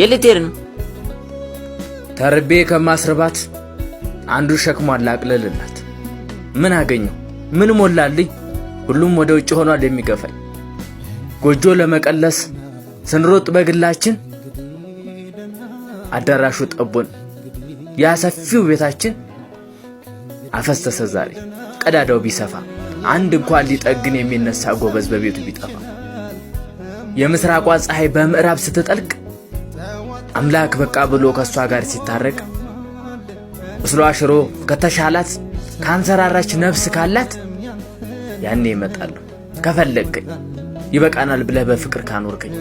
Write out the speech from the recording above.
የልቴር ነው ተርቤ ከማስረባት አንዱ ሸክሟ ላቅልልላት። ምን አገኘው? ምን ሞላልኝ? ሁሉም ወደ ውጭ ሆኗል የሚገፋኝ። ጎጆ ለመቀለስ ስንሮጥ በግላችን አዳራሹ ጠቦን፣ ያ ሰፊው ቤታችን አፈሰሰ ዛሬ ቀዳዳው ቢሰፋ፣ አንድ እንኳን ሊጠግን የሚነሳ ጎበዝ በቤቱ ቢጠፋ፣ የምስራቋ ፀሐይ በምዕራብ ስትጠልቅ አምላክ በቃ ብሎ ከእሷ ጋር ሲታረቅ ቁስሏ ሽሮ ከተሻላት ካንሰራራች ነፍስ ካላት ያኔ ይመጣሉ። ከፈለግከኝ ይበቃናል ብለህ በፍቅር ካኖርከኝ